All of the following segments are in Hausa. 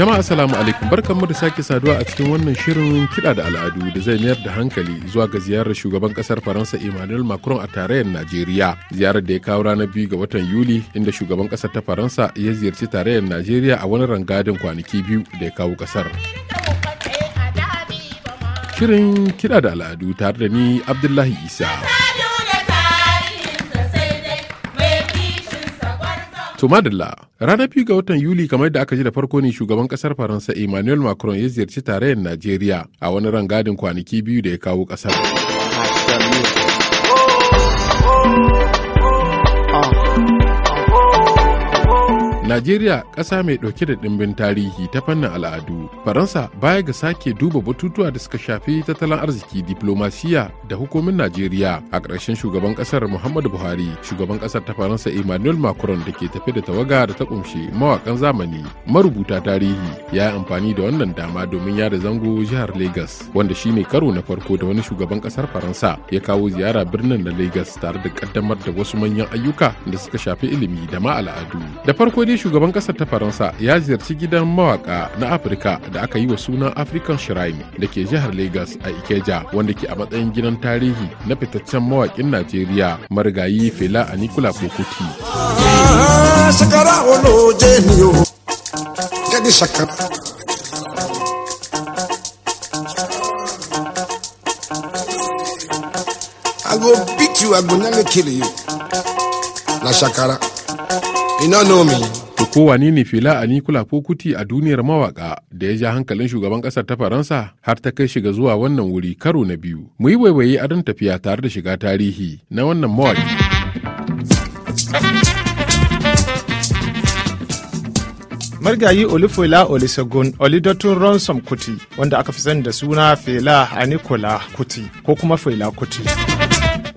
Jama'a Assalamu alaikum barkanmu da sake saduwa a cikin wannan shirin kiɗa da al'adu da zai mayar da hankali zuwa ga ziyarar shugaban ƙasar Faransa Emmanuel Macron a tarayyar Najeriya. Ziyarar da ya kawo ranar biyu ga watan Yuli inda shugaban ƙasar ta Faransa ya ziyarci tarayyar Najeriya a wani rangadin kwanaki biyu da ya kawo ƙasar. Shirin kiɗa da al'adu tare da ni Abdullahi Isa. To madalla ranar biyu ga watan Yuli kamar da aka ji da farko ne shugaban kasar Faransa Emmanuel Macron ya ziyarci tarayyar Najeriya a wani rangadin kwanaki biyu da ya kawo kasar. Oh, oh, oh. Najeriya ƙasa mai ɗauke da ɗimbin tarihi ta fannin al'adu. Faransa baya ga sake duba batutuwa da suka shafi tattalin arziki diplomasiya da hukumin Najeriya. A ƙarshen shugaban ƙasar Muhammadu Buhari, shugaban ƙasar ta Faransa Emmanuel Macron da ke tafi da tawaga da ta ƙunshi mawaƙan zamani, marubuta tarihi, ya yi amfani da wannan dama domin yada zango jihar Legas, wanda shine karo na farko da wani shugaban ƙasar Faransa ya kawo ziyara birnin na Legas tare da ƙaddamar da wasu manyan ayyuka da suka shafi ilimi da ma al'adu. Da farko dai shugaban kasar ta faransa ya ziyarci gidan mawaka na afirka da aka yi wa suna african shrine da ke jihar lagos a ikeja wanda ke a matsayin gidan tarihi na fitaccen mawakin najeriya marigayi fela a nikula kokuti Shakara. You don't know me. ko wani ne fela a nikula ko kuti a duniyar mawaka da ya ja hankalin shugaban kasar ta faransa har ta kai shiga zuwa wannan wuri karo na biyu mu yi waiwaye adon tafiya tare da shiga tarihi na wannan mawaki margayi olifela olusegun olidotun ransom kuti wanda aka fi sani da suna fela a kuti ko kuma fela kuti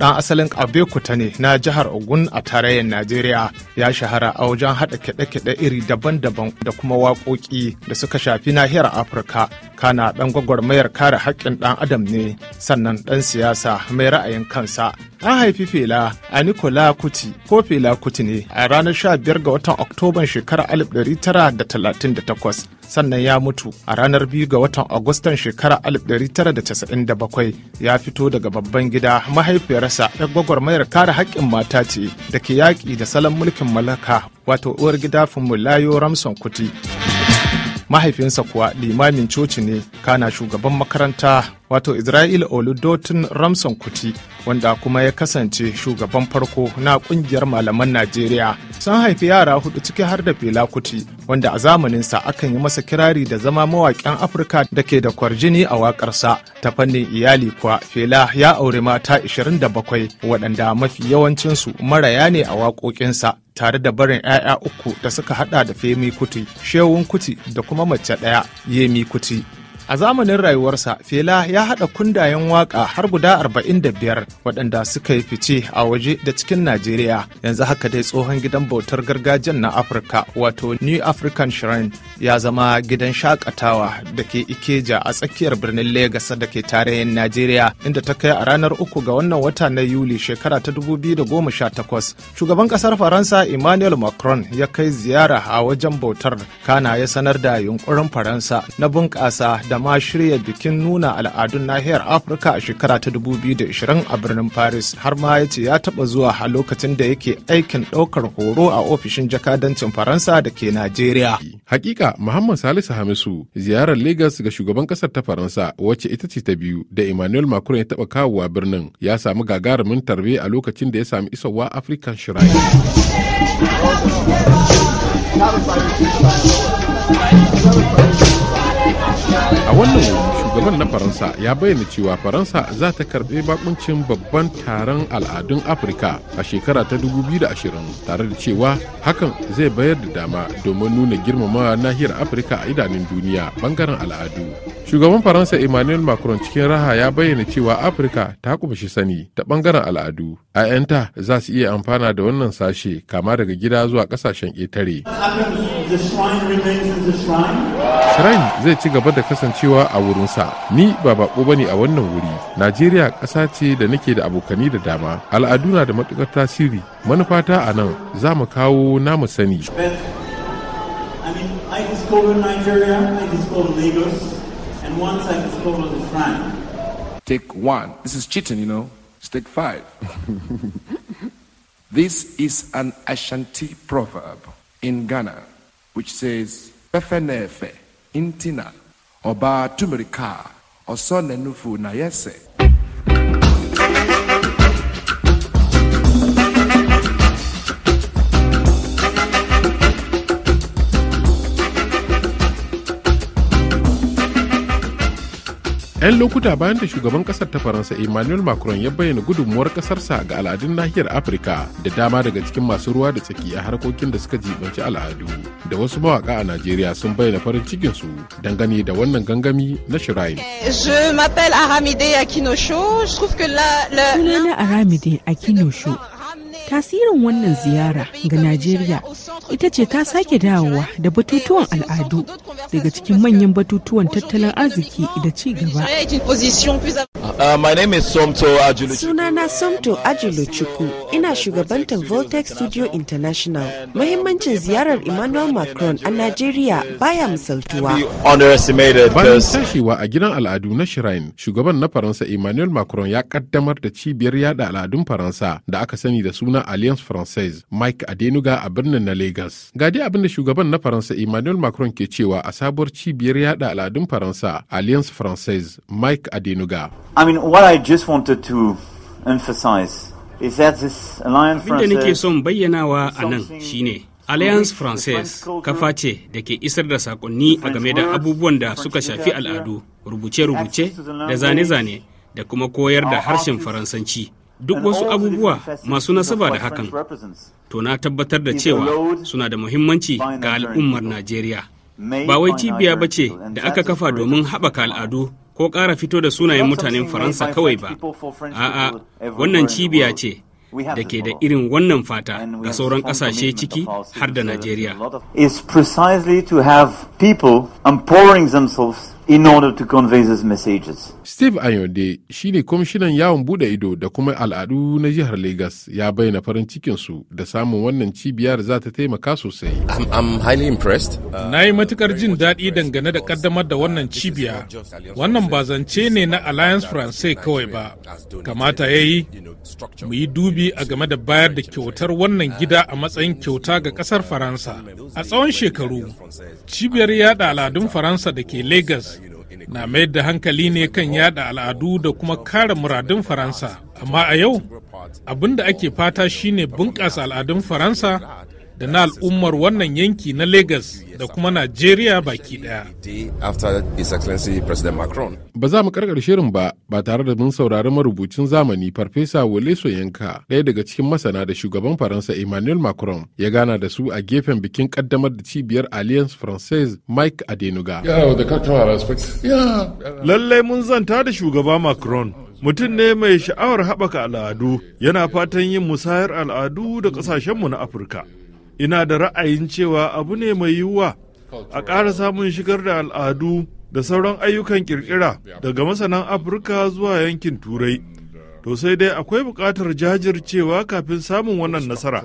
dan asalin ta ne na jihar Ogun a tarayyar Najeriya ya shahara a wajen haɗa kiɗe-kiɗe iri daban-daban da kuma waƙoƙi da suka shafi nahiyar Afirka. Kana ɗan gwagwarmayar kare haƙƙin ɗan adam ne sannan ɗan siyasa mai ra'ayin kansa An haifi Fela a Nikola Kuti ko Fela Kuti ne a ranar 15 ga watan Oktoban shekarar 1938 sannan ya mutu a ranar 2 ga watan Agustan shekarar 1997 ya fito daga babban gida mahaifiyarsa gwagwar gwagwarmayar kare haƙƙin mata ce da ke yaƙi da salon mulkin mallaka wato uwar gida Fumulayo Ramson Kuti. mahaifinsa kuwa limamin coci ne kana shugaban makaranta wato isra'il oludotin ramson kuti wanda kuma ya kasance shugaban farko na kungiyar malaman najeriya sun haifi yara hudu ciki har da fela kuti wanda a zamaninsa akan yi masa kirari da zama mawaƙin afirka da ke da kwarjini a waƙarsa ta fannin iyali kuwa fela ya aure mata 27 waɗanda mafi yawancinsu maraya ne a waƙoƙinsa tare da barin 'ya'ya uku da suka hada da Femi Kuti, Shewun Kuti da kuma mace ɗaya Yemi Kuti. A zamanin rayuwarsa, Fela ya haɗa kundayen waka har guda 45 waɗanda suka yi fice a waje da cikin Najeriya. Yanzu haka dai tsohon gidan bautar gargajiyar na Afirka, wato New African Shrine ya zama gidan shakatawa da ke Ikeja a tsakiyar birnin Legas da ke tarayin Najeriya inda ta kai a ranar uku ga wannan wata na Yuli shekara ta 2018. Shugaban kasar Faransa Emmanuel Macron ya kai ziyara a wajen bautar kana ya sanar da yunkurin Faransa na bunƙasa da ma shirya bikin nuna al'adun nahiyar Afirka a shekara ta 2020 a birnin Paris har ma ya ce ya taɓa zuwa a lokacin da yake aikin ɗaukar horo a ofishin jakadancin Faransa da ke Najeriya. Hakika Muhammad Salisu Hamisu ziyarar lagos ga shugaban kasar ta Faransa wacce ita ce ta biyu da Emmanuel Macron ya taɓa kawowa birnin ya samu gagarumin tarbe a lokacin da ya sami isowa African Shrine. a wannan wuri shugaban na faransa ya bayyana cewa faransa za ta karbi bakuncin babban taron al'adun afirka a shekara ta 2020 tare da cewa hakan zai bayar da dama domin nuna girmama nahiyar afirka a idanun duniya bangaren al'adu shugaban faransa emmanuel macron cikin raha ya bayyana cewa afirka ta kumshi sani ta bangaren al'adu 'ya'yanta za su iya amfana da wannan sashe kama daga gida zuwa kasashen ƙetare. Shrine zai ci gaba da kasancewa a wurinsa. Ni ba bako bane a wannan wuri. Najeriya ƙasa ce da nake da abokani da dama. Al'adu na da matuƙar tasiri. Manufata a nan za mu kawo namu sani. Take one. This is cheating, you know. Take five. This is an Ashanti proverb in Ghana. which says, "Pefenefe intina, oba tumerika, osonenufu nenufu na yese. 'yan lokuta bayan da shugaban kasar ta faransa emmanuel macron ya bayyana gudunmuwar kasarsa ga al'adun nahiyar afirka da dama daga cikin masu ruwa da tsaki a harkokin da suka jibanci al'adu da wasu mawaka a najeriya sun bayyana farin cikinsu dangane da wannan gangami na shirayin sunana aramide akinosho Tasirin wannan ziyara ga Najeriya ita ce ta sake dawowa da batutuwan al'adu daga cikin manyan batutuwan tattalin arziki da ci gaba. Uh, Sunana Somto Ajilo cuku ina shugabantar voltex Studio International. Mahimmancin ziyarar Emmanuel Macron a Najeriya baya misaltuwa. Bayan tashiwa a gidan al'adu na Shrine, shugaban na Faransa Emmanuel Macron ya kaddamar da cibiyar yada al'adun Faransa da aka sani da suna na alliance française mike adenuga a birnin na lagos ga dai abin da shugaban na faransa emmanuel macron ke cewa a sabuwar cibiyar yada al'adun faransa alliance française mike adenuga i mean what i just wanted to emphasize is that this alliance nake son bayyanawa a nan shine Alliance Française kafa ce da ke isar da sakonni a game da abubuwan da suka shafi al'adu, rubuce-rubuce da zane-zane da kuma koyar da harshen Faransanci. duk wasu abubuwa masu nasaba da hakan to na tabbatar da cewa suna da muhimmanci ga al'ummar najeriya ba wai cibiya ba ce da aka kafa domin haɓaka al'adu ko ƙara fito da sunayen mutanen faransa kawai ba a'a wannan cibiya ce da ke da irin wannan fata ga sauran ƙasashe ciki har da najeriya is precisely to have people empowering themselves in order to convey these messages. Steve Ayode shi ne kwamishinan yawon bude ido da kuma al'adu na jihar lagos ya bayyana farin cikinsu da samun wannan cibiyar za ta taimaka sosai. I'm, highly impressed. na yi matukar jin daɗi dangane da ƙaddamar da wannan cibiya. Wannan ba zance ne na Alliance francais kawai ba. Kamata ya yi mu yi dubi a game da bayar da kyautar wannan gida a matsayin kyauta ga ƙasar Faransa. A tsawon shekaru, cibiyar yada al'adun Faransa da ke lagos. na mayar da hankali ne kan yada al'adu da kuma kare muradun faransa amma a yau abin da ake fata shine bunƙasa al'adun faransa da na al'ummar wannan yanki na Legas da kuma Najeriya baki daya. Ba za mu karkar shirin ba ba tare da mun saurari marubucin zamani Farfesa Wole yanka ɗaya daga cikin masana da shugaban Faransa Emmanuel Macron ya gana da su a gefen bikin kaddamar da cibiyar Alliance Française Mike Adenuga. Lallai mun zanta da shugaba Macron mutum ne mai sha'awar haɓaka al'adu yana fatan yin musayar al'adu da ƙasashenmu na Afirka. ina da ra'ayin cewa abu ne mai yiwuwa a ƙara samun shigar da al'adu da sauran ayyukan kirkira daga masanan afirka zuwa yankin turai to sai dai akwai buƙatar jajircewa kafin samun wannan nasara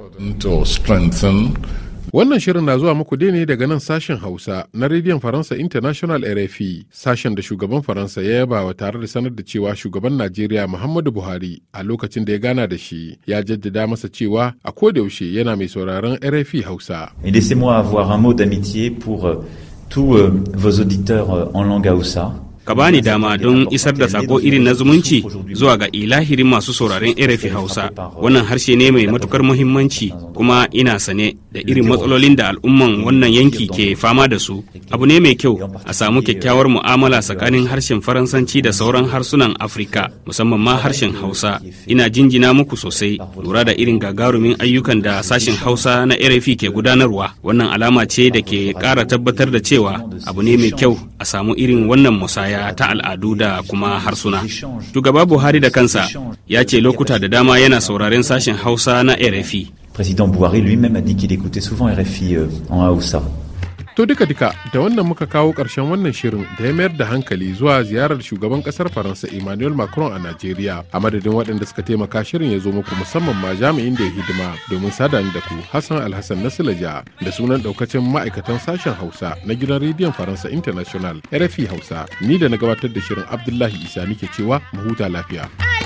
Wannan shirin na zuwa muku dai ne daga nan sashen Hausa na rediyon Faransa International RFI, sashen da shugaban Faransa ya yaba wa tare da sanar da cewa shugaban Najeriya Muhammadu Buhari a lokacin da ya gana da shi ya jaddada masa cewa a kodayaushe yana mai sauraron RFI Hausa. laissez-moi avoir un mot d'amitié pour euh, tous euh, vos auditeurs euh, en langue Hausa. ka bani dama don isar da sako irin na zumunci zuwa ga ilahirin masu sauraren RFI Hausa. Wannan harshe ne mai matukar muhimmanci kuma ina sane da irin matsalolin da al'umman wannan yanki ke fama da su. Abu ne mai kyau a samu kyakkyawar mu'amala tsakanin harshen Faransanci da sauran harsunan Afirka, musamman ma harshen Hausa. Ina jinjina muku sosai lura da irin gagarumin ayyukan da sashen Hausa na RFI ke gudanarwa. Wannan alama ce da ke ƙara tabbatar da cewa abu ne mai kyau a samu irin wannan musaya. da ta al'adu da kuma harsuna. Shugaba Buhari da kansa ya ce lokuta da dama yana sauraren sashen Hausa na RFI. president Buhari lui-même a dit qu'il écoutait souvent RFI euh, en Hausa. To duka-duka da wannan muka kawo ƙarshen wannan shirin da ya mayar da hankali zuwa ziyarar shugaban ƙasar Faransa Emmanuel Macron a Najeriya. A madadin waɗanda suka taimaka shirin ya zo muku musamman ma jami'in da ya hidima domin sada da ku Hassan Alhassan Nasilaja da sunan ɗaukacin ma'aikatan sashen Hausa na gidan rediyon Faransa International RFI Hausa. Ni da na gabatar da shirin Abdullahi Isa nike cewa mu huta lafiya.